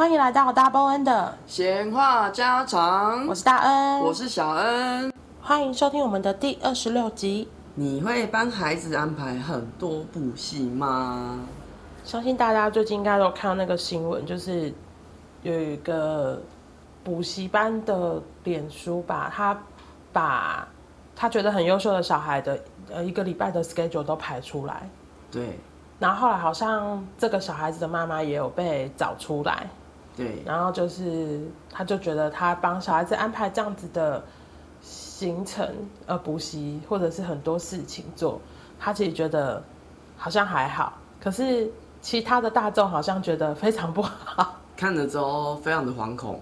歡迎來到我大 N 小 n 的閒話家常，我是大 N，我是小 n，歡迎收聽我們的第二十六集。你會幫孩子安排很多補習嗎？相信大家最近應該都看到那個新聞，就是有一個補習班的臉書吧，把他把他覺得很優秀的小孩的呃一個禮拜的 schedule 都排出來。對，然後後來好像這個小孩子的媽媽也有被找出來。對，然後就是，他就覺得他幫小孩子安排這樣子的行程，呃，補習或者是很多事情做，他自己覺得好像還好。可是其他的大眾好像覺得非常不好，看了之後非常的惶恐。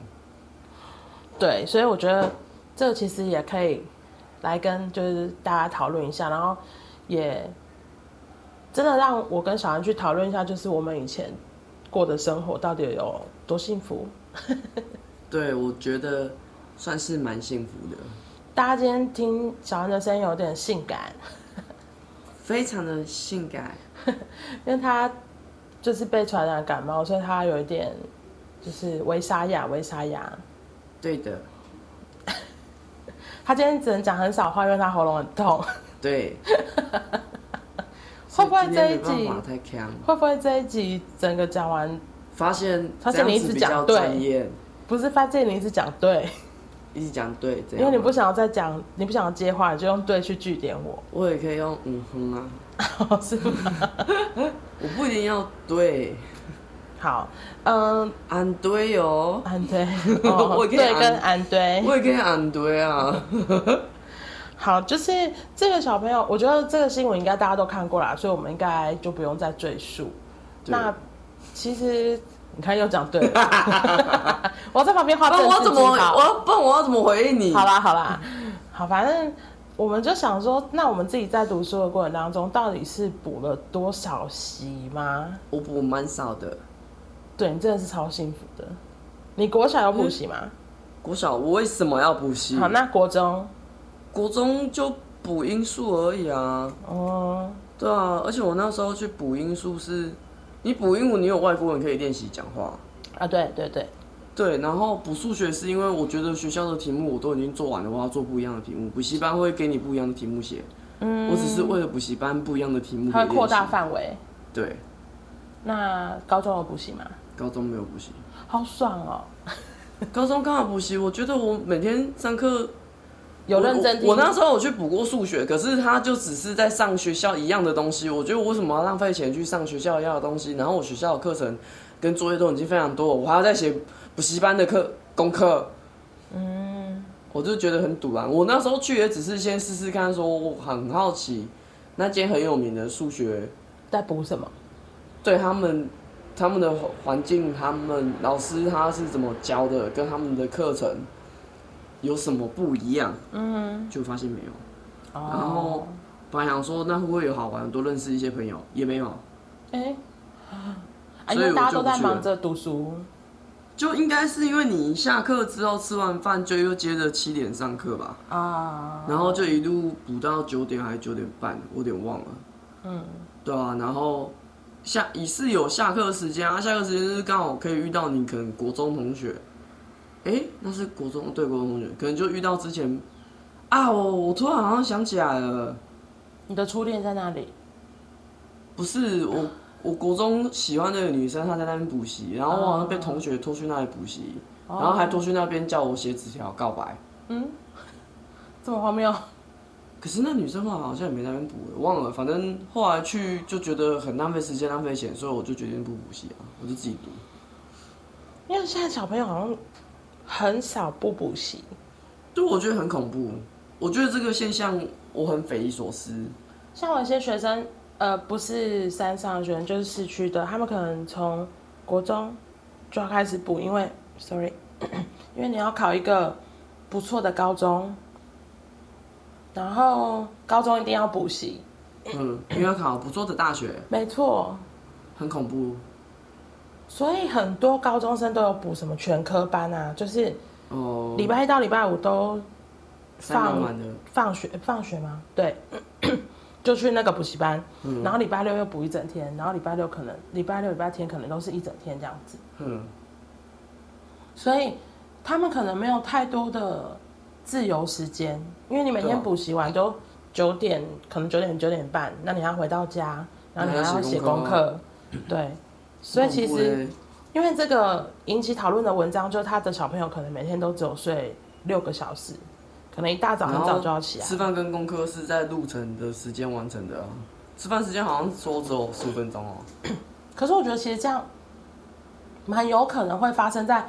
對，所以我覺得這其實也可以來跟就是大家討論一下，然後也真的讓我跟小安去討論一下，就是我們以前過的生活到底有多幸福， 對我覺得算是蠻幸福的。大家今天聽小安的聲音有點性感， 非常的性感，因為他就是被傳染感冒，所以他有一點就是微沙啞，微沙啞。對的， 他今天只能講很少話，因為他喉嚨很痛。 對， 會不會這一集？會不會這一集整個講完？發現發現你一直講對，不是發現你一直講對，一直講對，因為你不想要再講，你不想要接話，你就用對去句點我。我也可以用嗯哼啊，是嗎？我不一定要對，好，嗯，安對哦，安對，哦、 我也可以安對，對，我也可以安對啊。 好，就是這個小朋友，我覺得這個新聞應該大家都看過啦，所以我們應該就不用再贅述。對那。其實你看又講對了 我在旁邊畫。我怎麼？我要問我要怎麼回應你？好啦好啦， 好吧，反正我們就想說，那我們自己在讀書的過程當中，到底是補了多少習嗎？我補蠻少的，對。你真的是超幸福的。你國小有補習嗎、嗯？國小我為什麼要補習？好，那國中？國中就補英數而已啊。哦、oh.，對啊，而且我那時候去補英數是。你補英文，你有外國人可以練習講話啊？對對對，對。然後補數學是因為我覺得學校的題目我都已經做完了，我要做不一樣的題目。補習班會給你不一樣的題目寫，嗯，我只是為了補習班不一樣的題目。它會擴大範圍，對。那高中有補習嗎？高中沒有補習，好爽哦！ 高中剛好補習，我覺得我每天上課。有認真聽我我。我那時候我去補過數學，可是他就只是在上學校一樣的東西。我覺得我為什麼要浪費錢去上學校一樣的東西？然後我學校的課程跟作業都已經非常多，我還要再寫補習班的課功課。嗯，我就覺得很堵啊。我那時候去也只是先試試看說，說我很好奇那間很有名的數學在補什麼？對，他們他們的環境，他們老師他是怎麼教的，跟他們的課程。有什麼不一樣？嗯，就發現沒有，哦、然後本來想說那會不會有好玩的，多認識一些朋友也沒有。哎、欸，所以我就覺得、欸、大家都在忙着讀書，就應該是因為你下課之後吃完飯就又接着七點上課吧？啊、哦，然後就一路補到九點還是九點半，我有點忘了。嗯，對啊，然後下也是有下課時間啊，下課時間就是剛好可以遇到你可能國中同學。哎，那是國中對國中同學，可能就遇到之前啊，我我突然好像想起來了，你的初戀在那裡？不是我，我國中喜歡那個女生、嗯，她在那邊補習，然後我好像被同學拖去那裡補習，哦、然後還拖去那邊叫我寫紙條告白。嗯，這麼荒謬。可是那女生好好像也沒在那邊補，我忘了。反正後來去就覺得很浪費時間、浪費錢，所以我就決定不補習了，我就自己讀。因為現在小朋友好像。很少不補習，對，我覺得很恐怖。我覺得這個現象我很匪夷所思。像我一些學生，呃，不是山上學生就是市區的，他們可能從國中就要開始補，因為，sorry，咳咳，因為你要考一個不錯的高中，然後高中一定要補習，嗯，你要考不錯的大學，沒錯，很恐怖。所以很多高中生都有補什麼全科班啊，就是哦，禮拜一到禮拜五都放放學、欸、放學嗎？對， 就去那個補習班、嗯，然後禮拜六又補一整天，然後禮拜六可能禮拜六禮拜天可能都是一整天這樣子。嗯，所以他們可能沒有太多的自由時間，因為你每天補習完都九點，可能九點九點半，那你要回到家，然後你還要寫功課，對。對所以其實，因為這個引起討論的文章，就是他的小朋友可能每天都只有睡六個小時，可能一大早很早就要起來吃飯跟功課是在路程的時間完成的啊。吃飯時間好像說只有十五分鐘哦啊。可是我覺得其實這樣，蠻有可能會發生在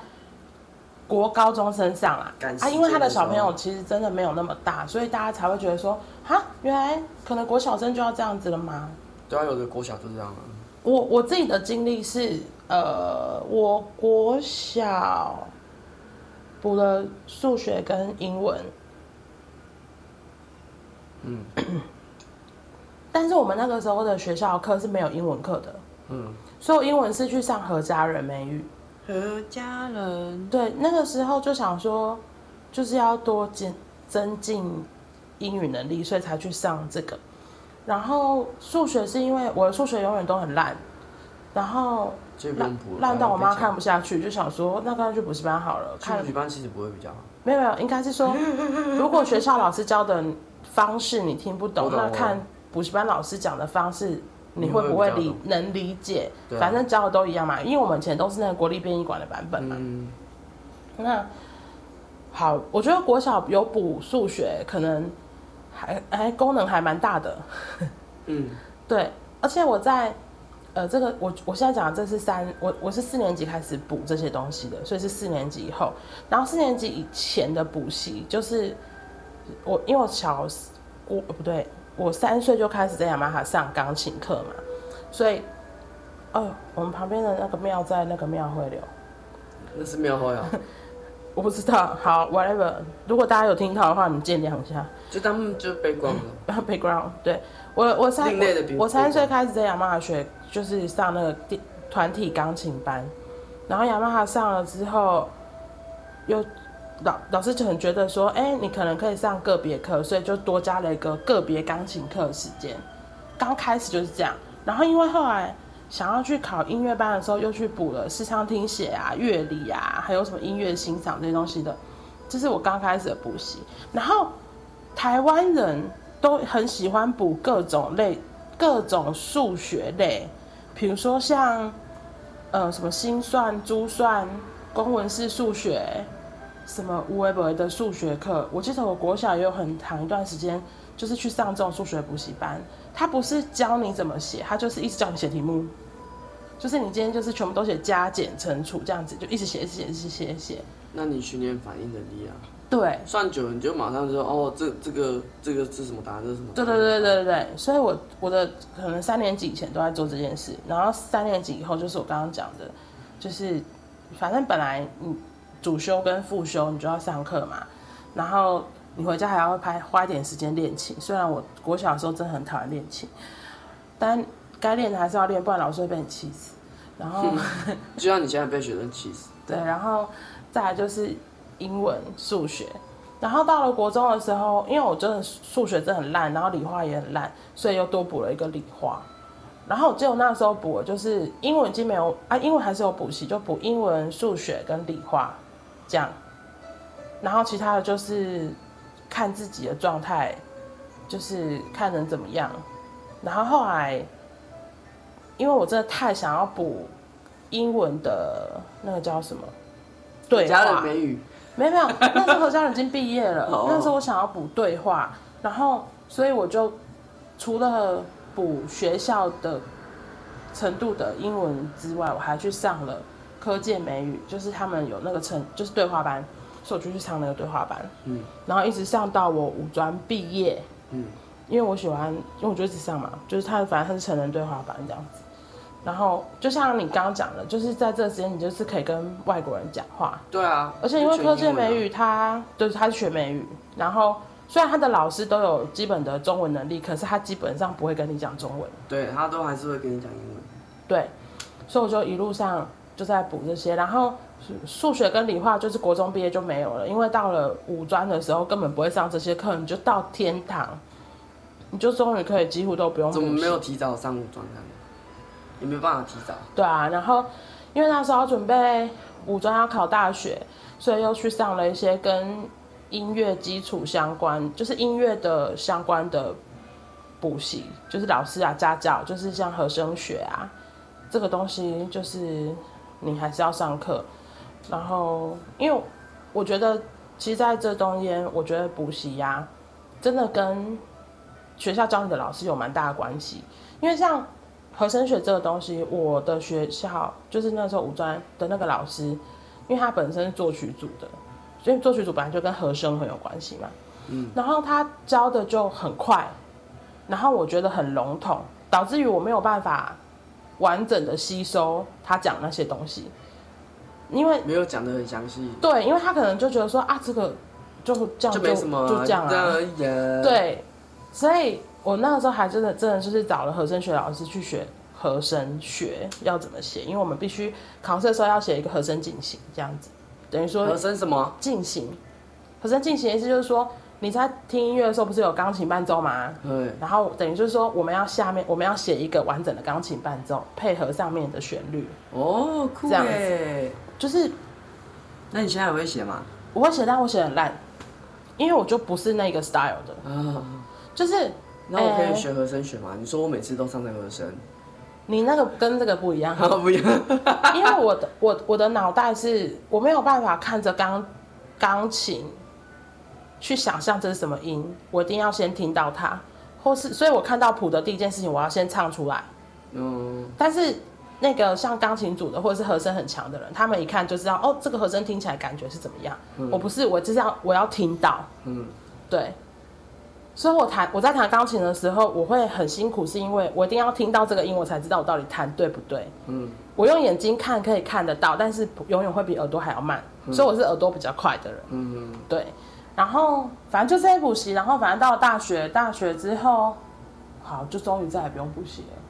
國高中身上啊。啊，因為他的小朋友其實真的沒有那麼大，所以大家才會覺得說，哈，原來可能國小生就要這樣子了嗎？對啊，有的國小就這樣了啊。我我自己的經歷是，呃，我國小補了數學跟英文，嗯，但是我們那個時候的學校課是沒有英文課的，嗯，所以我英文是去上何嘉仁美語，何嘉仁，對，那個時候就想說，就是要多進增進英語能力，所以才去上這個。然後數學是因為我的數學永遠都很爛，然後爛爛到我媽看不下去，就想說那乾脆去補習班好了。數學班其實不會比較好。沒有，沒有，應該是說， 如果學校老師教的方式你聽不懂，懂懂那看補習班老師講的方式你會會，你會不會理能理解？反正教的都一樣嘛，因為我們以前都是那個國立編譯館的版本嘛。嗯、那好，我覺得國小有補數學可能。還還功能還蠻大的，嗯，對，而且我在呃，這個我我現在講的這是三，我我是四年級開始補這些東西的，所以是四年級以後，然後四年級以前的補習就是我因為我小我不對，我三歲就開始在雅馬哈上鋼琴課嘛，所以哦、呃，我們旁邊的那個廟在那個廟會裡，那是廟會啊、喔。 我不知道，好，whatever。如果大家有聽到的話，你們見諒一下，就當就 background。 background，對我我三我三歲開始在雅馬哈學，就是上那個團團體鋼琴班，然後雅馬哈上了之後，又老老師就很覺得說，哎、欸，你可能可以上個別課，所以就多加了一個個別鋼琴課時間。剛開始就是這樣，然後因為後來。想要去考音樂班的時候，又去補了視唱聽寫啊、樂理啊，還有什麼音樂欣賞這些東西的，這是我剛開始的補習。然後，台灣人都很喜歡補各種類、各種數學類，比如說像，呃，什麼心算、珠算、公文式數學，什麼 Web 的數學課。我記得我國小也有很長一段時間。就是去上這種數學補習班，他不是教你怎麼寫，他就是一直叫你寫題目，就是你今天就是全部都寫加減乘除這樣子，就一直寫，一直寫，一直寫，寫。那你訓練反應能力啊？對，算久了你就馬上就說，哦，這這個這個是什麼答案？是什麼？對對對對對對。所以我我的可能三年級以前都在做這件事，然後三年級以後就是我剛剛講的，就是反正本來你主修跟副修你就要上課嘛，然後。你回家還要拍，花一點時間練琴。雖然我國小的時候真的很討厭練琴，但該練還是要練，不然老師會被你氣死。然後，嗯，就像你現在被學生氣死。 對，然後再來就是英文、數學。然後到了國中的時候，因為我真的數學真的很爛，然後理化也很爛，所以又多補了一個理化。然後我只有那時候補，就是英文已經沒有啊，英文還是有補習，就補英文、數學跟理化這樣。然後其他的就是。看自己的狀態，就是看能怎麼樣。然後後來，因為我真的太想要補英文的那個叫什麼，對話家美語，沒有沒有，那時候我家人已經畢業了。 那時候我想要補對話，然後所以我就除了補學校的程度的英文之外，我還去上了科見美語，就是他們有那個稱就是對話班。所以我就去上那個對話班，嗯，然後一直上到我五專畢業，嗯，因為我喜歡，因為我就一直上嘛，就是他反正他是成人對話班這樣子，然後就像你剛剛講的，就是在這個時間你就是可以跟外國人講話，對啊，而且因為科見美語，他就是他是學美語，然後雖然他的老師都有基本的中文能力，可是他基本上不會跟你講中文，對，他都還是會跟你講英文，對，所以我就一路上就在補這些，然後。是，數學跟理化就是國中畢業就沒有了，因為到了五專的時候根本不會上這些課，你就到天堂，你就終於可以幾乎都不用。怎麼沒有提早上五專呢？也沒辦法提早。對啊，然後因為那時候準備五專要考大學，所以又去上了一些跟音樂基礎相關，就是音樂的相關的補習，就是老師啊、家教，就是像和聲學啊，這個東西就是你還是要上課。然後，因為我覺得，其實在這中間，我覺得補習呀、啊，真的跟學校教你的老師有蠻大的關係。因為像和聲學這個東西，我的學校就是那時候五專的那個老師，因為他本身是作曲組的，所以作曲組本來就跟和聲很有關係嘛。嗯。然後他教的就很快，然後我覺得很籠統，導致於我沒有辦法完整的吸收他講那些東西。因為沒有講得很詳細。對，因為他可能就覺得說啊，這個就這樣就沒什麼就，就這樣而已。Yeah. 對，所以我那個時候還真的真的就是找了和聲學老師去學和聲學要怎麼寫，因為我們必須考試的時候要寫一個和聲進行這樣子，等於說和聲什麼？進行。和聲進行的意思就是說你在聽音樂的時候不是有鋼琴伴奏嗎？對、Hey. 然後等於就是說我們要下面我們要寫一個完整的鋼琴伴奏配合上面的旋律哦，oh, cool. 這樣子。欸就是，那你現在還會寫嗎？我會寫，但我寫很爛，因為我就不是那個 style 的。哦、就是。那我可以學和聲學嗎？欸？你說我每次都唱那個和聲，你那個跟這個不一樣。哦、不一樣， 因為我的我我的腦袋是，我沒有辦法看着鋼鋼琴去想象這是什麼音，我一定要先聽到它，或是所以我看到譜的第一件事情，我要先唱出來。嗯，但是。那個像鋼琴組的，或者是和聲很強的人，他們一看就知道哦，這個和聲聽起來感覺是怎麼樣？嗯、我不是，我就是要我要聽到，嗯，對。所以，我彈我在彈鋼琴的時候，我會很辛苦，是因為我一定要聽到這個音，我才知道我到底彈對不對。嗯，我用眼睛看可以看得到，但是永遠會比耳朵還要慢，嗯，所以我是耳朵比較快的人。嗯，對。然後反正就這樣補習，然後反正到了大學，大學之後，好，就終於再也不用補習了。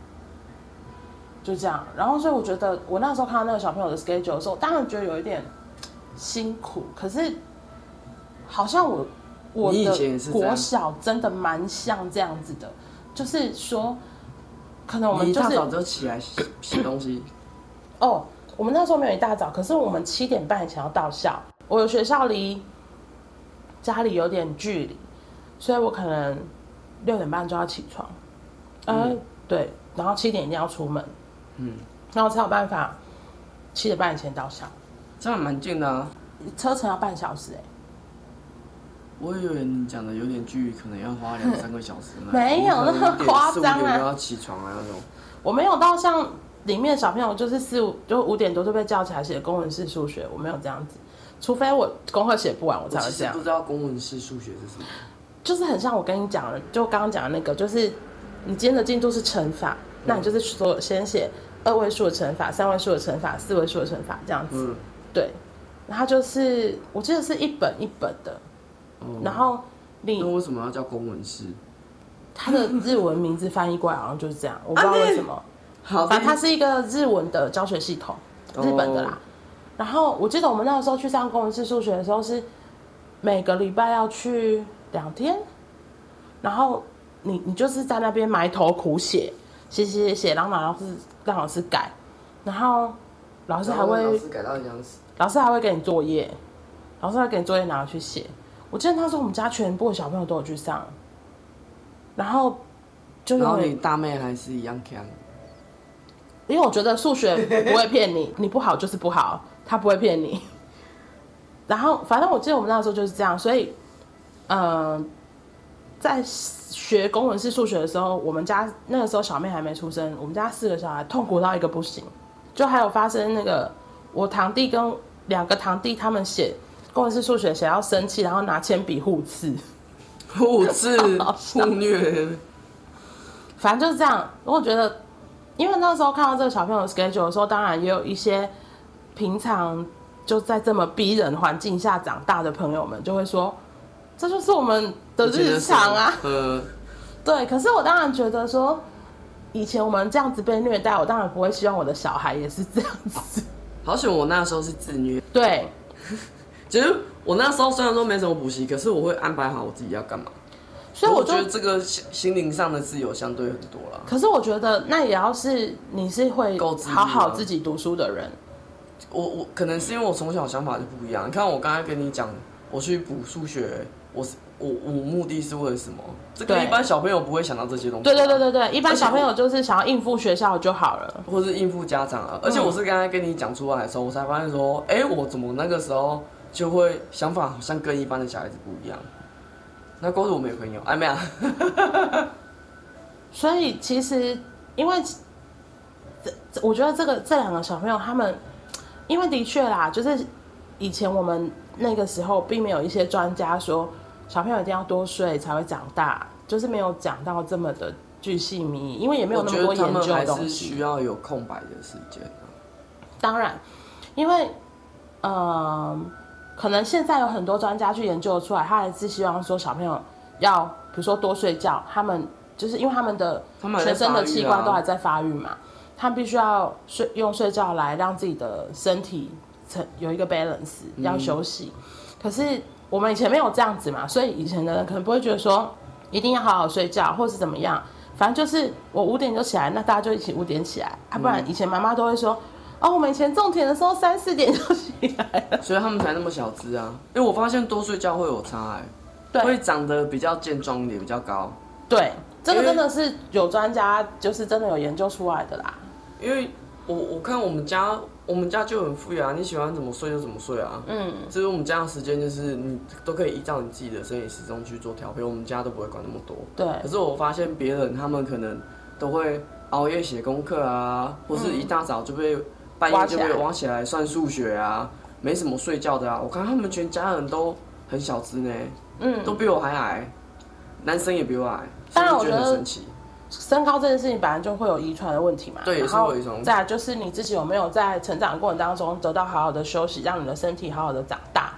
就這樣，然後所以我覺得我那時候看到那個小朋友的 schedule 的時候，我當然覺得有一點辛苦，可是好像我我的國小真的蠻像這樣子的，是就是說可能我們、就是、一大早就起來洗， 洗東西哦，oh, 我們那時候沒有一大早，可是我們七點半以前要到校。我有學校離家裡有點距離，所以我可能六點半就要起床。呃，嗯，對，然後七點一定要出門。嗯，那我才有辦法，七點半以前到校，這樣蠻近的，車程要半小時哎。我以為你講的有點距離，可能要花兩三個小時呢、嗯。沒有那麼誇張啊！要起床啊那種，我沒有到像裡面的小朋友就是四五就五點多就被叫起來寫公文式數學，我沒有這樣子。除非我功課寫不完，我才會這樣。不知道公文式數學是什麼？就是很像我跟你講的，就剛剛講的那個，就是你今天的進度是乘法、嗯，那你就是先寫。二位數的乘法、三位數的乘法、四位數的乘法這樣子，嗯、對，然後他就是我記得是一本一本的，哦、然後你那為什麼要叫公文式？它的日文名字 翻譯過來好像就是這樣，我不知道為什麼。啊啊、好，反正它是一個日文的教學系統、哦，日本的啦。然後我記得我們那個時候去上公文式數學的時候，是每個禮拜要去兩天，然後你你就是在那邊埋頭苦寫，寫寫寫寫，然後然後是。讓老師改，然後老師還會，老師改到怎樣，老師還會給你作業，老師還會給你作業拿去寫。我記得那時候我們家全部小朋友都有去上，然後就因為，然後你大妹還是一樣強，因為我覺得數學不會騙你， 你不好就是不好，他不會騙你。然後反正我記得我們那時候就是這樣，所以嗯。呃在學公文式數學的時候，我們家那個時候小妹還沒出生，我們家四個小孩痛苦到一個不行，就還有發生那個我堂弟跟兩個堂弟他們寫公文式數學寫到生氣，然後拿鉛筆互刺，互刺 好互虐，反正就是這樣。我覺得，因為那時候看到這個小朋友 schedule 的時候，當然也有一些平常就在這麼逼人環境下長大的朋友們就會說。這就是我們的日常啊。嗯，對。可是我當然覺得說，以前我們這樣子被虐待，我當然不會希望我的小孩也是這樣子。好險我那時候是自虐。對。 其實我那時候雖然說沒什麼補習，可是我會安排好我自己要幹嘛。所以我覺得這個心心靈上的自由相對很多了。可是我覺得那也要是你是會好好自己讀書的人。我我可能是因為我從小想法就不一樣。你看我剛才跟你講，我去補數學欸。我是我我目的是為了什麼？這個一般小朋友不會想到這些東西、啊。對對對對對，一般小朋友就是想要應付學校就好了，或是應付家長啊。而且我是剛才跟你講出來的時候、嗯，我才發現說，哎、欸，我怎麼那個時候就會想法好像跟一般的小孩子不一樣？那都是我沒朋友哎，沒有、啊。 所以其實因為這，我覺得這個這兩個小朋友他們，因為的確啦，就是以前我們。那個時候並沒有一些專家說小朋友一定要多睡才會長大，就是沒有講到這麼的巨細靡遺，因為也沒有那麼多研究的東西。我覺得他們還是需要有空白的時間。當然，因為嗯、呃，可能現在有很多專家去研究出來，他還是希望說小朋友要，比如說多睡覺，他們就是因為他們的他們、啊、全身的器官都還在發育嘛，他們必須要睡用睡覺來讓自己的身體。有一個 balance 要休息，嗯，可是我們以前沒有這樣子嘛，所以以前的人可能不會覺得說一定要好好睡覺，或是怎麼樣，反正就是我五點就起來，那大家就一起五點起來啊，不然以前媽媽都會說，哦，我們以前種田的時候三四點就起來，所以他們才那麼小只啊，因為我發現多睡覺會有差哎，欸，對，會長得比較健壯一點，比較高，對，這個真的是有專家就是真的有研究出來的啦，因為我我看我們家。我們家就很富裕啊，你喜歡怎麼睡就怎麼睡啊。嗯，所以我們家的時間，就是你都可以依照你自己的生理時鐘去做調配。我們家都不會管那麼多。對。可是我發現別人他們可能都會熬夜寫功課啊，或是一大早就被半夜、嗯、就被挖起來算數學啊，沒什麼睡覺的啊。我看他們全家人都很小隻呢，嗯，都比我還矮，男生也比我矮，所以我覺得很神奇。身高這件事情本來就會有遺傳的問題嘛，對，也是有遺傳。再來就是你自己有沒有在成長過程當中得到好好的休息，讓你的身體好好的長大。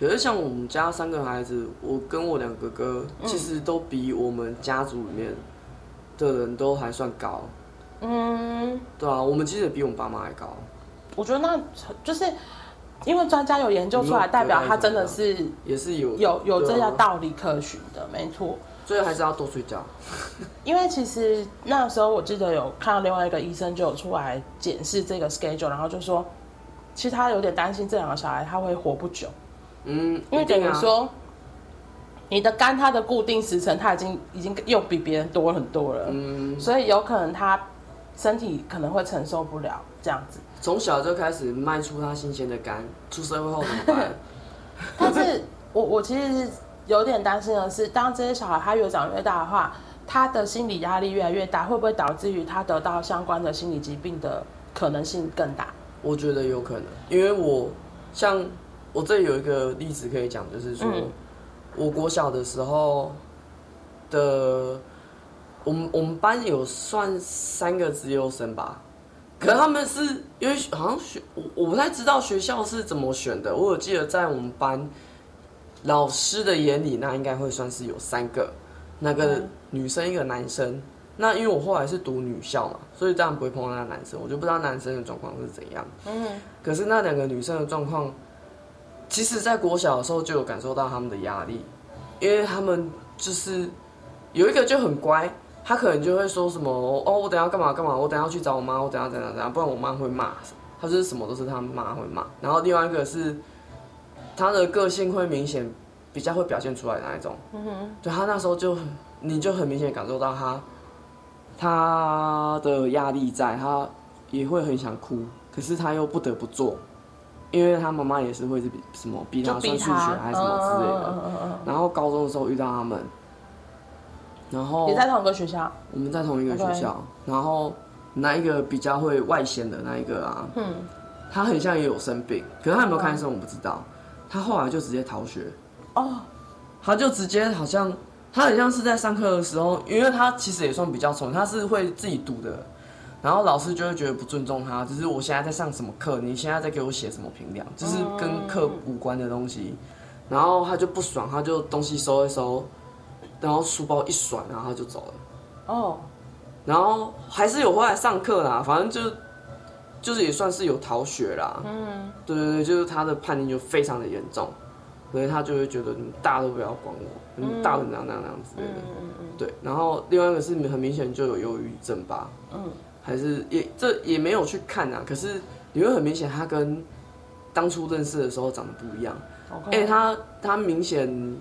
可是像我們家三個孩子，我跟我兩個哥，其實都比我們家族裡面的人都還算高。嗯，對啊，我們其實也比我們爸媽還高。我覺得那就是因為專家有研究出來，代表他真的是也是有有有這樣道理可循的，沒錯。所以還是要多睡覺，因為其實那時候我記得有看到另外一個醫生就有出來檢視這個 schedule，然後就說，其實他有點擔心這兩個小孩他會活不久，嗯，啊、因為等於說，你的肝它的固定時程他已經已經又比別人多很多了，嗯，所以有可能他身體可能會承受不了這樣子，從小就開始賣出他新鮮的肝，出社會後怎麼辦？ 但是我我其實是有點擔心的是，當這些小孩他越長越大的話，他的心理壓力越來越大，會不會導致於他得到相關的心理疾病的可能性更大？我覺得有可能，因為我像我這裡有一個例子可以講，就是說，嗯、我國小的時候的，我們我們班有算三個資優生吧，可能他們是因為好像學我我不太知道學校是怎麼選的，我有記得在我們班。老師的眼裡，那應該會算是有三個，那個女生一個男生。那因為我後來是讀女校嘛，所以當然不會碰到那個男生，我就不知道男生的狀況是怎樣。嗯，可是那兩個女生的狀況，其實在國小的時候就有感受到他們的壓力，因為他們就是有一個就很乖，他可能就會說什麼哦，我等下幹嘛幹嘛，我等下去找我媽，我等下等下等下，不然我媽會罵。他就是什麼都是他媽會罵。然後另外一個是。他的個性會明顯比較會表現出來那一種？嗯哼，對，他那時候就你就很明顯感受到他，他的壓力，在他也會很想哭，可是他又不得不做，因為他媽媽也是會是什麼逼他上數學還是什麼之類的。然後高中的時候遇到他們，然後也在同一個學校，我們在同一個學校。然後那一個比較會外顯的那一個啊，他很像也有生病，可是他有沒有看醫生我不知道。他後來就直接逃學，哦、oh.，他就直接好像，他很像是在上課的時候，因為他其實也算比較聰明，他是會自己讀的，然後老師就會覺得不尊重他，就是我現在在上什麼課，你現在在給我寫什麼評量，就是跟課無關的東西，oh. 然後他就不爽，他就東西收一收，然後書包一甩，然後他就走了，哦、oh.，然後還是有回來上課啦，反正就。就是也算是有逃學啦，嗯，對對對，就是他的叛逆就非常的嚴重，所以他就會覺得你大家都不要管我，嗯，很大怎樣那樣怎樣之類的，嗯嗯嗯，對。然後另外一個是很明顯就有憂鬱症吧，嗯，還是也這也沒有去看啊，可是你會很明顯他跟當初認識的時候長得不一樣，哎，嗯欸嗯，他他明顯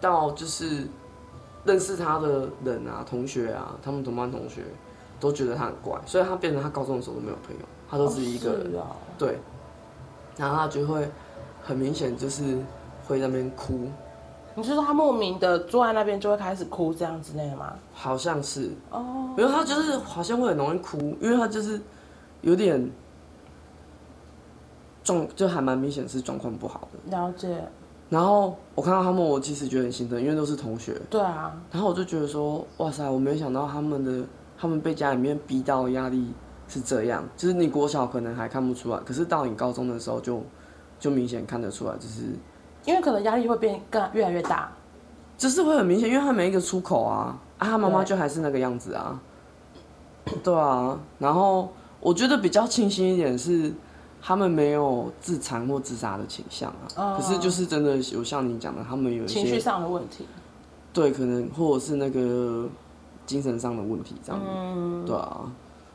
到就是認識他的人啊，同學啊，他們同班同學都覺得他很怪，所以他變成他高中的時候都沒有朋友。他都是一個人，對，然後他就會很明顯就是會在那邊哭。你是說他莫名的坐在那邊就會開始哭這樣子類的嗎？好像是哦，沒有，他就是好像會很容易哭，因為他就是有點狀就還蠻明顯是狀況不好的。了解。然後我看到他們，我其實覺得很心疼，因為都是同學。對啊。然後我就覺得說，哇塞，我沒有想到他們的他們被家裡面逼到的壓力。是這樣，就是你國小可能還看不出來，可是到你高中的時候就，就明顯看得出來，就是，因為可能壓力會變更越來越大，就是會很明顯，因為他沒一個出口啊，啊，他媽媽就還是那個樣子啊，對，對啊，然後我覺得比較慶幸一點是，他們沒有自殘或自殺的傾向啊，嗯、可是就是真的有像你講的，他們有一些情緒上的問題，對，可能或者是那個精神上的問題這樣子、嗯，對啊。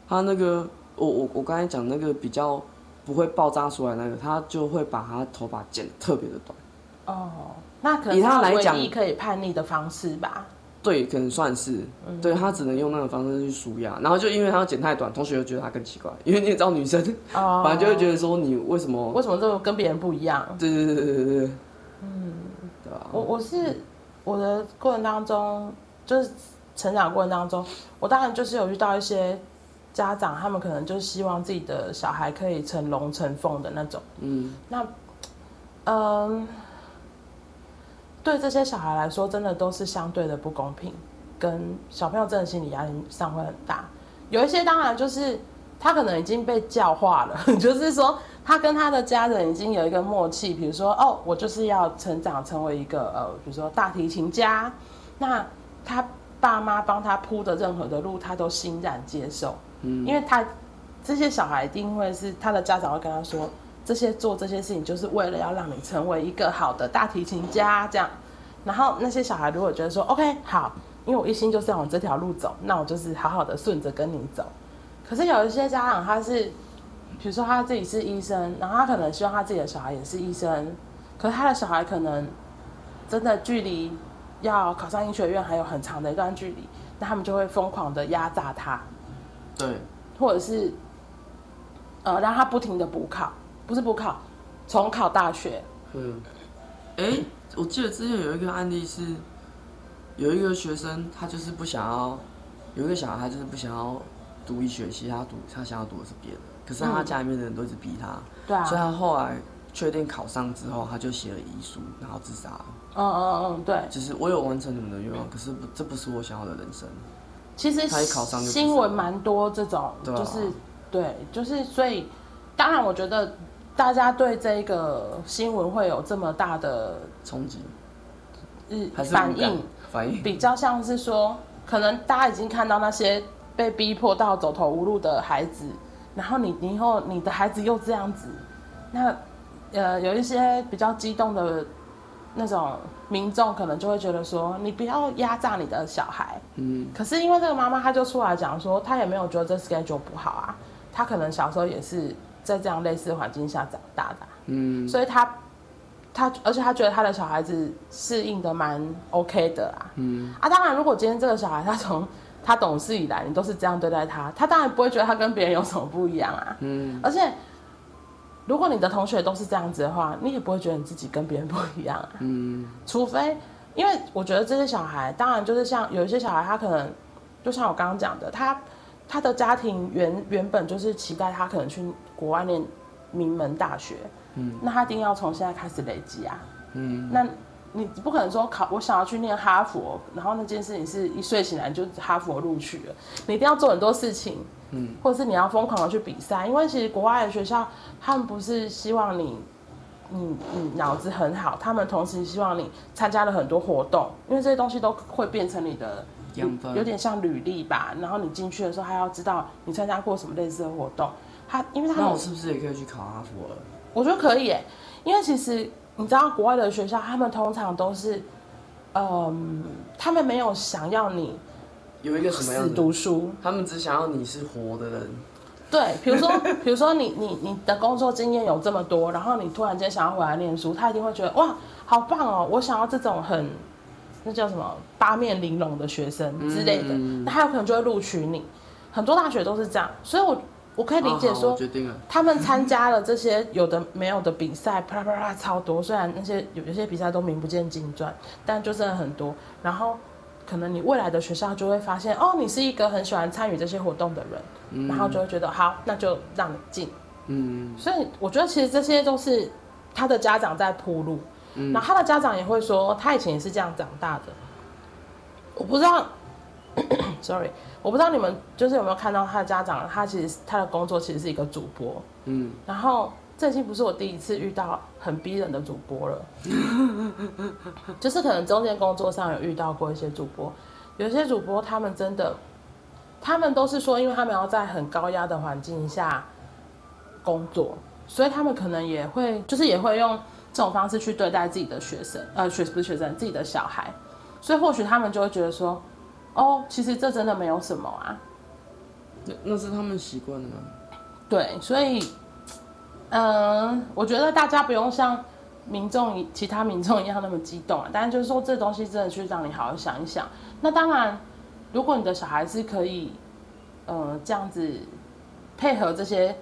他那個，我我我剛才講那個比較不會爆炸出來的那個，他就會把他頭髮剪的特別的短。哦、oh，那可能以他來講，可以叛逆的方式吧？對，可能算是。嗯、對他只能用那種方式去舒壓，然後就因為他剪太短，同學又覺得他更奇怪，因為你也知道女生，oh, 反正就會覺得說你為什麼為什麼這麼跟別人不一樣？對對對對對對對，嗯，對吧、啊？我我是，是我的過程當中，就是成長過程當中，我當然就是有遇到一些。家長他們可能就是希望自己的小孩可以成龍成鳳的那種。嗯，那嗯、呃，對這些小孩來說，真的都是相對的不公平，跟小朋友真的心理壓力上會很大。有一些當然就是他可能已經被教化了，就是說他跟他的家人已經有一個默契，比如說哦，我就是要成長成為一個呃，比如說大提琴家，那他。爸媽幫他鋪的任何的路，他都欣然接受。嗯，因為他這些小孩，一定會是他的家長會跟他說，這些做這些事情就是為了要讓你成為一個好的大提琴家這樣。然後那些小孩如果覺得說，嗯，OK，好，因為我一心就是要往這條路走，那我就是好好的順着跟你走。可是有一些家長，他是比如說他自己是醫生，然後他可能希望他自己的小孩也是醫生，可是他的小孩可能真的距離。要考上醫學院還有很長的一段距離，那他們就會瘋狂的壓榨他，對，或者是，呃，讓他不停的補考，不是補考，重考大學。嗯，欸，我記得之前有一個案例是，有一個學生他就是不想要，有一個小孩就是不想要讀醫學，其他讀他想要讀的是別的，可是他家裡面的人都一直逼他，嗯，對啊，所以他後來確定考上之後，他就寫了遺書，然後自殺了。嗯嗯嗯，對，其實我有完成你們的願望，可是不，這不是我想要的人生。其實他考上新聞蠻多這種，就是對，就是所以，當然我覺得大家對這個新聞會有這麼大的衝擊，嗯，反應反應比較像是說，可能大家已經看到那些被逼迫到走投無路的孩子，然後你以後你的孩子又這樣子，那呃，有一些比較激動的，那種民眾可能就會覺得說，你不要壓榨你的小孩。嗯，可是因為這個媽媽，她就出來講說，她也沒有覺得這 schedule 不好啊。她可能小時候也是在這樣類似的環境下長大的啊。嗯，所以她，她，而且她覺得她的小孩子適應的蠻 OK 的啊。嗯，啊，當然，如果今天這個小孩他從他懂事以來，你都是這樣對待他，他當然不會覺得他跟別人有什麼不一樣啊。嗯，而且。如果你的同學都是這樣子的話，你也不會覺得你自己跟別人不一樣啊。嗯，除非，因為我覺得這些小孩，當然就是像有一些小孩，他可能就像我剛剛講的，他他的家庭原原本就是期待他可能去國外念名門大學。嗯，那他一定要從現在開始累積啊。嗯，那你不可能說，考我想要去念哈佛，然後那件事情是一睡醒來就哈佛錄取了，你一定要做很多事情。嗯，或者是你要瘋狂的去比賽，因為其實國外的學校他們不是希望你，你你腦子很好，他們同時希望你參加了很多活動，因為這些東西都會變成你的有點像履歷吧。然後你進去的時候還要知道你參加過什麼類似的活動，他因為他。那我是不是也可以去考哈佛？我覺得可以、欸、因為其實你知道國外的學校他們通常都是，嗯、呃，他們沒有想要你。有一個什麼樣子？死讀書，他們只想要你是活的人。對，比如說，比如說你你你的工作經驗有這麼多，然後你突然間想要回來念書，他一定會覺得哇，好棒哦！我想要這種很那叫什麼八面玲瓏的學生之類的，嗯、那他有可能就會錄取你。很多大學都是這樣，所以我我可以理解說、哦，他們參加了這些有的沒有的比賽，啪啪啪超多。雖然那些有有些比賽都名不見經傳，但就是很多。然後。可能你未來的學校就會發現，哦，你是一個很喜歡參與這些活動的人，嗯，然後就會覺得好，那就讓你進。嗯，所以我覺得其實這些都是他的家長在鋪路，嗯，然後他的家長也會說，他以前也是這樣長大的。我不知道，咳咳，sorry，我不知道你們就是有沒有看到他的家長，他其實他的工作其實是一個主播，嗯，然後。這已經不是我第一次遇到很逼人的主播了，就是可能中間工作上有遇到過一些主播，有些主播他們真的，他們都是說，因為他們要在很高壓的環境下工作，所以他們可能也會，就是也會用這種方式去對待自己的學生，呃，學不是學生，自己的小孩，所以或許他們就會覺得說，哦，其實這真的沒有什麼啊，那，那是他們習慣了，對，所以。嗯，我覺得大家不用像民眾、其他民眾一樣那麼激動啊。但就是說，這東西真的去讓你好好想一想。那當然，如果你的小孩是可以，呃，這樣子配合這些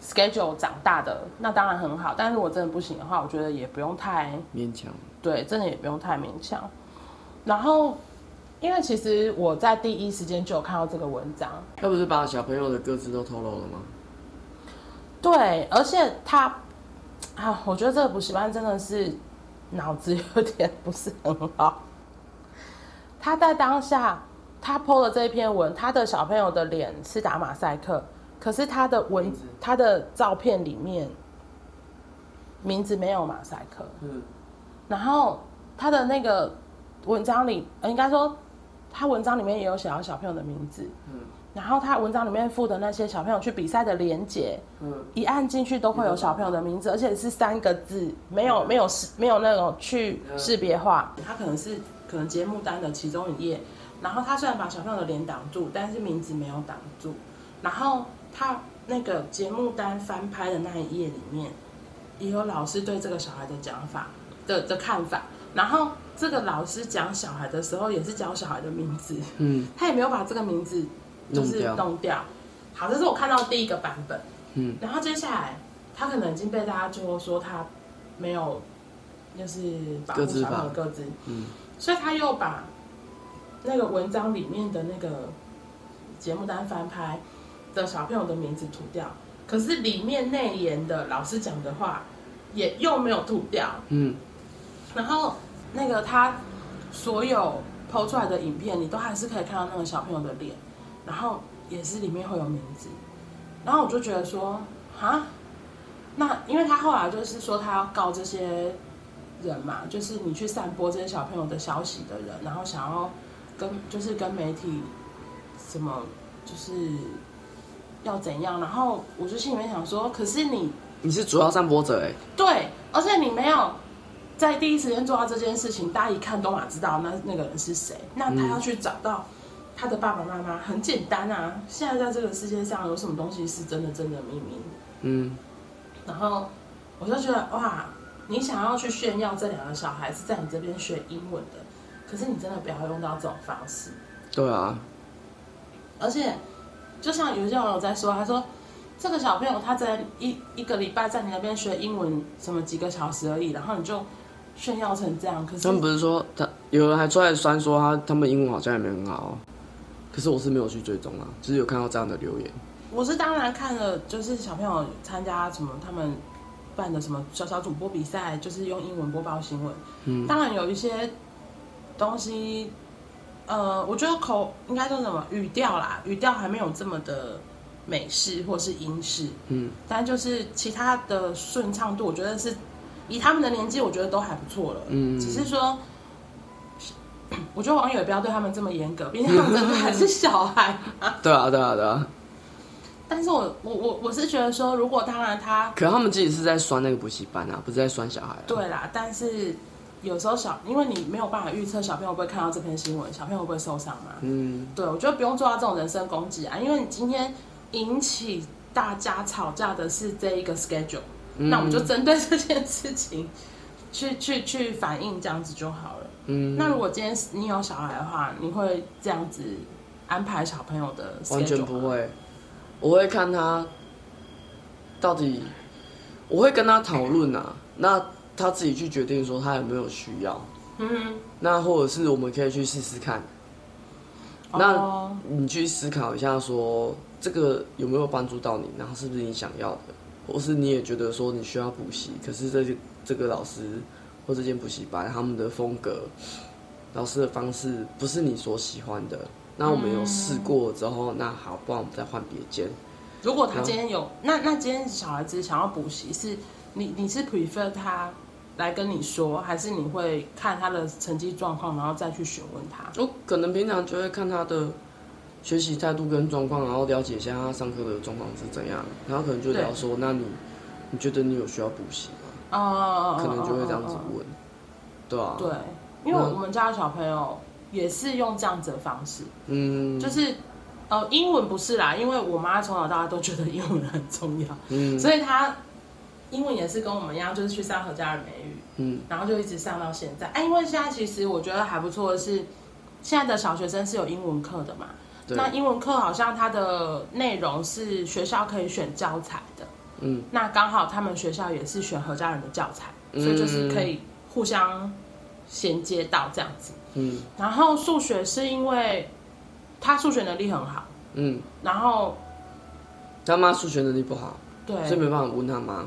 schedule 長大的，那當然很好。但如果真的不行的話，我覺得也不用太勉強。對，真的也不用太勉強。然後，因為其實我在第一時間就有看到這個文章，他不是把小朋友的歌詞都透露了嗎？對，而且他啊，我覺得這個補習班真的是腦子有點不是很好。他在當下，他 PO 了這一篇文，他的小朋友的臉是打馬賽克，可是他的文字，他的照片裡面名字沒有馬賽克。然後他的那個文章裡，應該說他文章裡面也有寫到小朋友的名字。嗯。然後他文章裡面附的那些小朋友去比賽的連結，嗯，一按進去都會有小朋友的名字，嗯、而且是三個字，嗯、沒有沒有沒有，沒有那種去識別化。嗯、他可能是可能節目單的其中一頁，然後他雖然把小朋友的臉擋住，但是名字沒有擋住。然後他那個節目單翻拍的那一頁裡面，也有老師對這個小孩的講法的的看法。然後這個老師講小孩的時候，也是講小孩的名字，嗯，他也沒有把這個名字。就是弄掉，弄掉，好，這是我看到第一個版本。嗯，然後接下來他可能已經被大家就說，說他沒有，就是保護小朋友的個資，嗯，所以他又把那個文章裡面的那個節目單翻拍的小朋友的名字塗掉，可是裡面內言的老師講的話也又沒有吐掉，嗯，然後那個他所有 po 出來的影片，你都還是可以看到那個小朋友的臉。然後也是裡面會有名字，然後我就覺得說，啊，那因為他後來就是說他要告這些人嘛，就是你去散播這些小朋友的消息的人，然後想要跟就是跟媒體什麼就是要怎樣，然後我就心裡面想說，可是你你是主要散播者哎、欸，對，而且你沒有在第一時間做到這件事情，大家一看都馬知道那那個人是誰？那他要去找到。嗯他的爸爸媽媽很簡單啊。現在在這個世界上，有什麼東西是真的、真的秘密的？嗯。然後我就覺得，哇，你想要去炫耀這兩個小孩是在你這邊學英文的，可是你真的不要用到這種方式。對啊。而且，就像有些網友在說，他說這個小朋友他在一一個禮拜在你那邊學英文，什麼幾個小時而已，然後你就炫耀成這樣。可是他們不是說他有人還出來酸說他他們英文好像也沒很好。可是我是沒有去追蹤啊，只、就是有看到這樣的留言。我是當然看了，就是小朋友參加什麼他們辦的什麼小小主播比賽，就是用英文播報新聞。嗯，當然有一些東西，呃，我覺得口應該說什麼語調啦，語調還沒有這麼的美式或是英式。嗯，但就是其他的順暢度，我覺得是以他們的年紀，我覺得都還不錯了。嗯，只是說。我覺得網友也不要對他們這麼嚴格，畢竟他們真的還是小孩，啊 對啊。對啊，對啊，對啊。但是我我我我是覺得說，如果當然、啊、他，可能他們自己是在酸那個補習班啊，不是在酸小孩，啊。對啦，但是有時候小，因為你沒有辦法預測小朋友會不會看到這篇新聞，小朋友會不會受傷嘛，啊。嗯，對，我覺得不用做到這種人身攻擊啊，因為你今天引起大家吵架的是這一個 schedule，、嗯、那我們就針對這件事情去，嗯、去去反映這樣子就好了。嗯， 那如果今天你有小孩的話，你會這樣子安排小朋友的時間？完全不會，我會看他到底，我會跟他討論啊，那他自己去決定說他有沒有需要。嗯哼， 那或者是我們可以去試試看。那你去思考一下，說這個有沒有幫助到你？然後是不是你想要的？或是你也覺得說你需要補習，可是這些這個老師。或這間補習班，他們的風格、老師的方式不是你所喜歡的，那我們有試過了之後、嗯，那好，不然我們再換別間。如果他今天有，那那今天小孩子想要補習是，是你你是 prefer 他來跟你說，還是你會看他的成績狀況，然後再去詢問他？我可能平常就會看他的學習態度跟狀況，然後了解一下他上課的狀況是怎樣，然後可能就聊說，那你你覺得你有需要補習？哦，可能就會這樣子問，對、嗯、啊、嗯嗯。對，因為我們家的小朋友也是用這樣子的方式，嗯，就是，呃，英文不是啦，因為我媽從小到大都覺得英文很重要，嗯，所以她英文也是跟我們一樣，就是去上何嘉仁美語，嗯，然後就一直上到現在。哎、啊，因為現在其實我覺得還不錯的是，現在的小學生是有英文課的嘛？對，那英文課好像它的內容是學校可以選教材的。嗯，那剛好他們學校也是選何嘉仁的教材，嗯，所以就是可以互相銜接到這樣子。嗯，然後數學是因為他數學能力很好，嗯，然後他媽數學能力不好，對，所以沒辦法問他媽。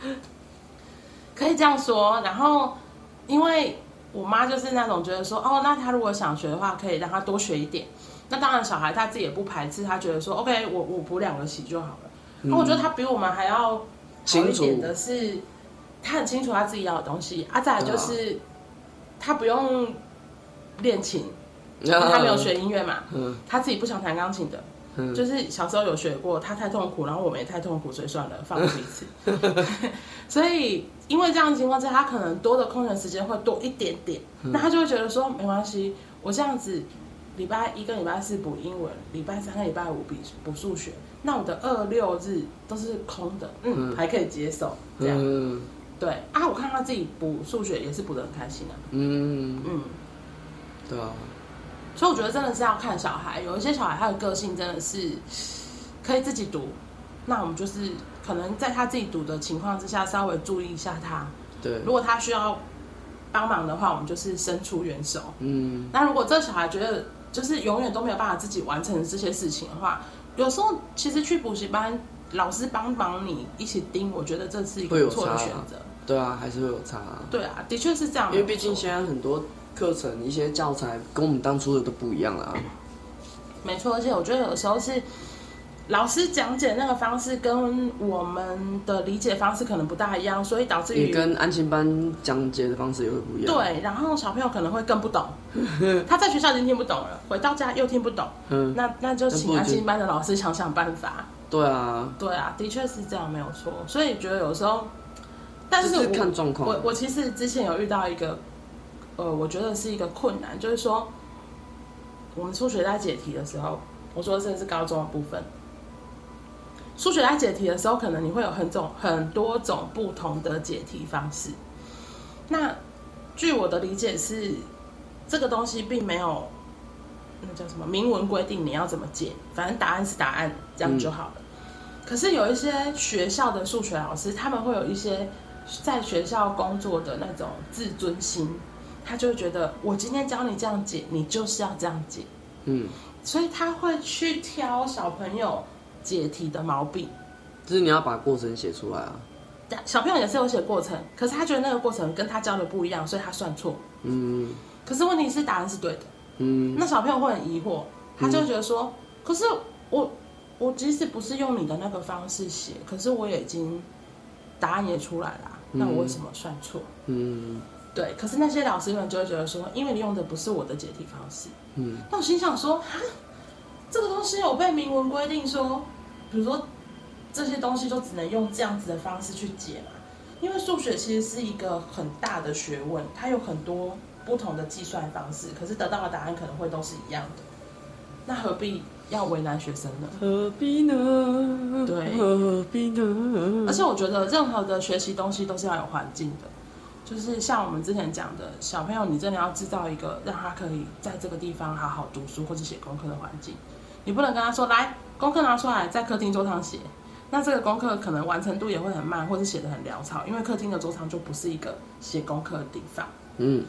可以這樣說。然後因為我媽就是那種覺得說，哦，那他如果想學的話，可以讓他多學一點。那當然，小孩他自己也不排斥，他覺得說：“OK，我我補兩個習就好了。嗯”那我覺得他比我們還要好一點清楚的是，他很清楚他自己要的東西。啊，再來就是、啊、他不用練琴，啊、他沒有學音樂嘛、嗯，他自己不想彈鋼琴的、嗯，就是小時候有學過，他太痛苦，然後我們也太痛苦，所以算了，放過彼此。 所以因為這樣的情況之下，他可能多的空閒時間會多一點點、嗯，那他就會覺得說：“沒關係，我這樣子。”禮拜一跟禮拜四補英文，禮拜三跟禮拜五補補數學。那我的二六日都是空的，嗯，嗯還可以接受。這樣，嗯、對啊，我看他自己補數學也是補得很開心的、啊。嗯嗯，對啊、哦。所以我覺得真的是要看小孩，有一些小孩他的個性真的是可以自己讀，那我們就是可能在他自己讀的情況之下，稍微注意一下他。對，如果他需要幫忙的話，我們就是伸出援手。嗯，那如果這小孩覺得。就是永遠都沒有辦法自己完成這些事情的話，有時候其實去補習班，老師幫幫你一起盯，我覺得這是一個不錯的選擇，啊。對啊，還是會有差，啊。對啊，的確是這樣。因為畢竟現在很多課程、一些教材跟我們當初的都不一樣了，啊。沒錯，而且我覺得有的時候是。老師講解那個方式跟我們的理解方式可能不大一樣，所以導致於跟安心班講解的方式也會不一樣。對，然後小朋友可能會更不懂， 他在學校已經聽不懂了，回到家又聽不懂。嗯，那那就請安心班的老師想想辦法。對啊，對啊，的確是這樣，沒有錯。所以覺得有時候，但是，是看狀況，我我其實之前有遇到一個，呃，我覺得是一個困難，就是說我們數學在解題的時候，我說這是高中的部分。數學在解題的時候，可能你會有很多種、很多種不同的解題方式。那據我的理解是，這個東西並沒有那叫什麼明文規定你要怎麼解，反正答案是答案，這樣就好了。嗯。可是有一些學校的數學老師，他們會有一些在學校工作的那種自尊心，他就會覺得我今天教你這樣解，你就是要這樣解，嗯，所以他會去挑小朋友。解題的毛病，就是你要把過程寫出來啊。小朋友也是有寫過程，可是他覺得那個過程跟他教的不一樣，所以他算錯。嗯。可是問題是答案是對的。嗯。那小朋友會很疑惑，他就覺得說：“嗯、可是我我即使不是用你的那個方式寫，可是我已經答案也出來了，那我為什麼算錯？”嗯。嗯對。可是那些老師們就會覺得說：“因為你用的不是我的解題方式。”嗯。那我心想說：“啊，這個東西有被明文規定說。”比如說這些東西都只能用這樣子的方式去解嘛，因為數學其實是一個很大的學問，它有很多不同的計算方式，可是得到的答案可能會都是一樣的。那何必要為難學生呢？何必呢？對，何必呢？而且我覺得任何的學習東西都是要有環境的，就是像我們之前講的，小朋友，你真的要制造一個讓他可以在這個地方好好讀書或者寫功課的環境，你不能跟他說，來。功課拿出來，在客廳桌上寫，那這個功課可能完成度也會很慢，或者寫的很潦草，因為客廳的桌上就不是一個寫功課的地方。嗯，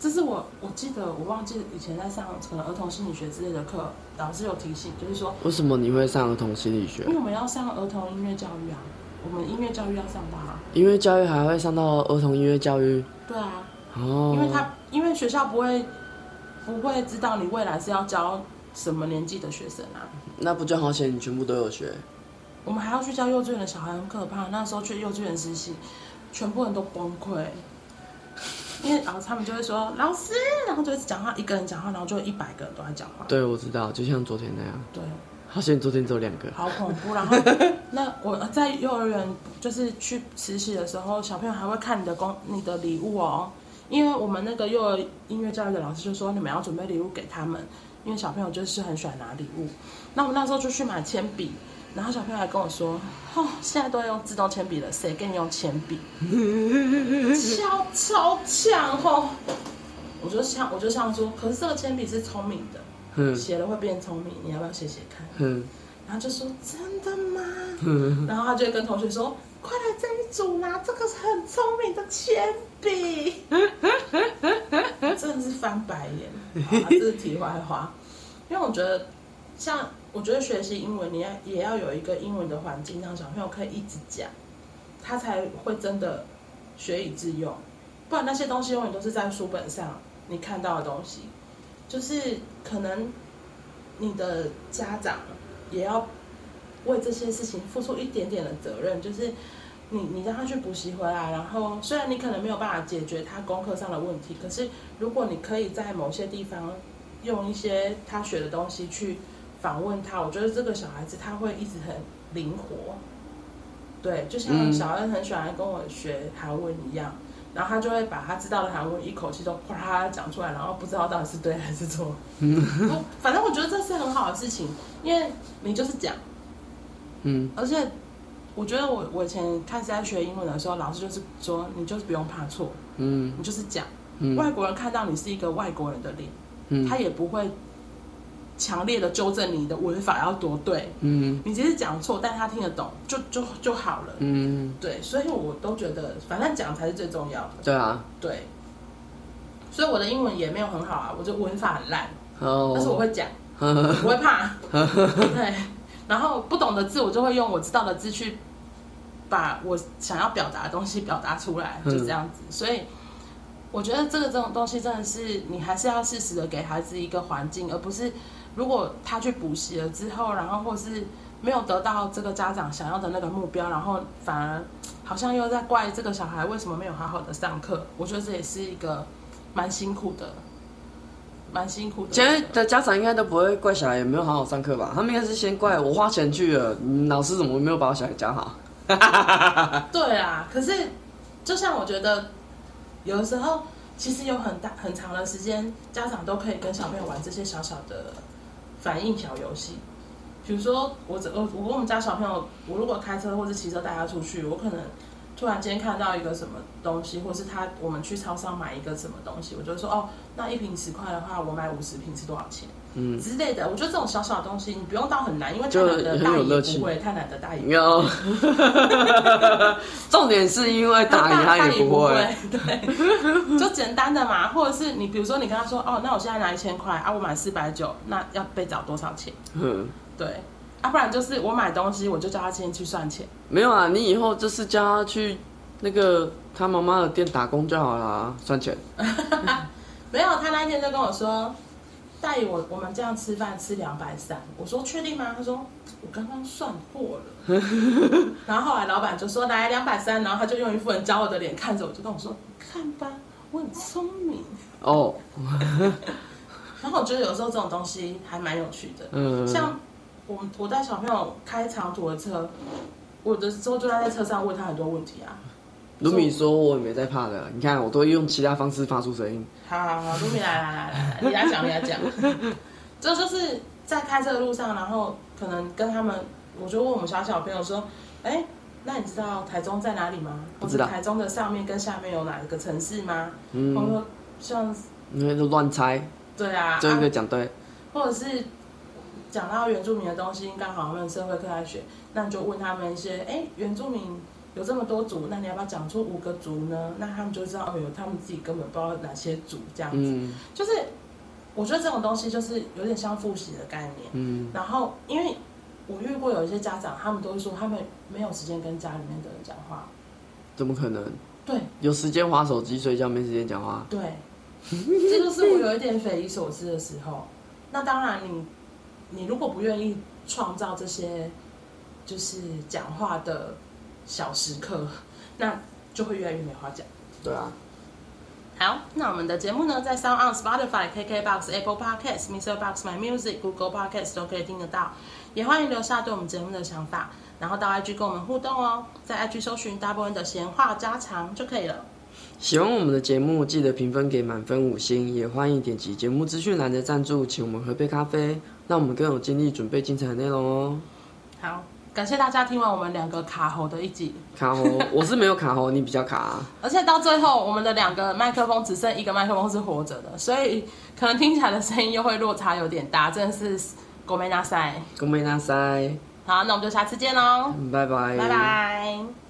這是我我記得我忘記以前在上可能兒童心理學之類的課，老師有提醒，就是說，為什麼你會上兒童心理學？因為我們要上兒童音樂教育啊，我們音樂教育要上到啊，音樂教育還會上到兒童音樂教育。對啊，哦，因為他因為學校不會不會知道你未來是要教什麼年紀的學生啊。那不就好險，你全部都有學。我們還要去教幼稚園的小孩，很可怕。那時候去幼稚園實習，全部人都崩潰。因為然後他們就會說老師，然後就一直講話，一個人講話，然後就一百個人都在講話。對，我知道，就像昨天那樣。對，好像昨天只有兩個。好恐怖。然後那我在幼兒園就是去實習的時候，小朋友還會看你的工、你的禮物哦。因為我們那個幼兒音樂教育的老師就說，你們要準備禮物給他們。因為小朋友就是很喜歡拿禮物，那我們那時候就去買鉛筆，然後小朋友還跟我說：“哦，現在都要用自動鉛筆了，誰給你用鉛筆？” 超超強哦！我就想，我就想說，可是這個鉛筆是聰明的，嗯，寫了會變聰明，你要不要寫寫看？嗯，然後就說：“真的嗎？”嗯，然後他就會跟同學說，嗯：“快來這一組拿這個是很聰明的鉛筆。”嗯翻白眼，這是題外話。因為我覺得，像我覺得學習英文，你要也要有一個英文的環境，讓小朋友可以一直講，他才會真的學以致用。不然那些東西永遠都是在書本上你看到的東西，就是可能你的家長也要為這些事情付出一點點的責任，就是。你你讓他去補習回來，然後雖然你可能沒有辦法解決他功課上的問題，可是如果你可以在某些地方用一些他學的東西去訪問他，我覺得這個小孩子他會一直很靈活。對，就像小恩很喜歡跟我學韓文一樣，然後他就會把他知道的韓文一口氣都嘩啦講出來，然後不知道到底是對還是錯。嗯，反正我覺得這是很好的事情，因為你就是講，嗯，而且。我覺得我我以前開始在學英文的時候，老師就是說你就是不用怕錯，嗯，你就是講，嗯，外國人看到你是一個外國人的臉，嗯，他也不會強烈的糾正你的文法要多對，嗯，你即使講錯，但是他聽得懂就就就好了，嗯，對，所以我都覺得反正講才是最重要的，對啊，對，所以我的英文也沒有很好啊，我的文法很爛，哦、oh.，但是我會講， 不會怕， 對，然後不懂的字我就會用我知道的字去。把我想要表達的東西表達出來，就是這樣子。嗯、所以，我覺得這個這種東西真的是，你還是要適時的給孩子一個環境，而不是如果他去補習了之後，然後或是沒有得到這個家長想要的那個目標，然後反而好像又在怪這個小孩為什麼沒有好好的上課。我覺得這也是一個蠻辛苦的，蠻辛苦的。其實的家長應該都不會怪小孩也沒有好好上課吧？他們應該是先怪我花錢去了，老師怎麼沒有把我小孩教好？哈哈哈對啊，可是就像我覺得，有的時候其實有很大很長的時間，家長都可以跟小朋友玩這些小小的反應小遊戲。比如說，我我我跟我們家小朋友，我如果開車或者騎車帶他出去，我可能突然間看到一個什麼東西，或者是他我們去超市買一個什麼東西，我就說哦，那一瓶十塊的話，我買五十瓶是多少錢？嗯，之類的，我覺得這種小小的東西你不用到很難，因為太難得大也不會，太難得大也不會 重點是因為大他也不會，大大不會對， 就簡單的嘛，或者是你比如說你跟他說哦，那我現在拿一千塊啊，我買四百九，那要被找多少錢？嗯，對啊，不然就是我買東西，我就叫他先去算錢。沒有啊，你以後就是叫他去那個他媽媽的店打工就好了，算錢。 沒有，他那天就跟我說。大爺，我我們這樣吃飯吃兩百三，我說確定嗎？他說我剛剛算過了， 然後後來老板就說來兩百三，230, 然後他就用一副很驕傲的臉看着我，就跟我說 看吧，我很聰明哦。Oh. 然後我覺得有時候這種東西還蠻有趣的，嗯， 像我我帶小朋友開長途的車，我的時候就要在,在車上問他很多問題啊。盧米說：“我也沒在怕的、啊，你看，我都會用其他方式發出聲音。”好，好，好，盧米來來來來， 你來講，你來講。這 都是在開車的路上，然後可能跟他們，我就問我們小小朋友說：“哎，那你知道台中在哪裡嗎？你知道台中的上面跟下面有哪一個城市嗎？”嗯、我們說：“像……”你們都亂猜。對啊。這個講對、啊。或者是講到原住民的東西，剛好我們社會課在學，那你就問他們一些：“哎，原住民。”有這麼多族，那你要不要講出五個族呢？那他們就知道哦，有、哎、他們自己根本不知道哪些族這樣子。嗯、就是我覺得這種東西就是有點像複習的概念。嗯。然後，因為我遇過有一些家長，他們都會說他們沒有時間跟家裡面的人講話。怎麼可能？對，有時間滑手機睡覺，沒時間講話。對， 這就是我有一點匪夷所思的時候。那當然你，你你如果不願意創造這些，就是講話的。小時刻，那就會越來越沒話講。對啊，好，那我們的節目呢，在 SoundOn Spotify、KKbox、Apple Podcasts、Mr. Box、My Music、Google Podcasts 都可以聽得到。也歡迎留下對我們節目的想法，然後到 IG 跟我們互動哦，在 IG 搜尋 Double N 的閒話家常就可以了。喜歡我們的節目，記得評分給滿分五星，也歡迎點擊節目資訊欄的贊助，請我們喝杯咖啡，讓我們更有精力準備精彩的內容哦。好。感謝大家聽完我們兩個卡喉的一集。卡喉，我是沒有卡喉， 你比較卡啊。而且到最後，我們的兩個麥克風只剩一個麥克風是活着的，所以可能聽起來的聲音又會落差有點大，真的是ごめんなさい，ごめんなさい。好，那我們就下次見嘍。拜拜。拜拜。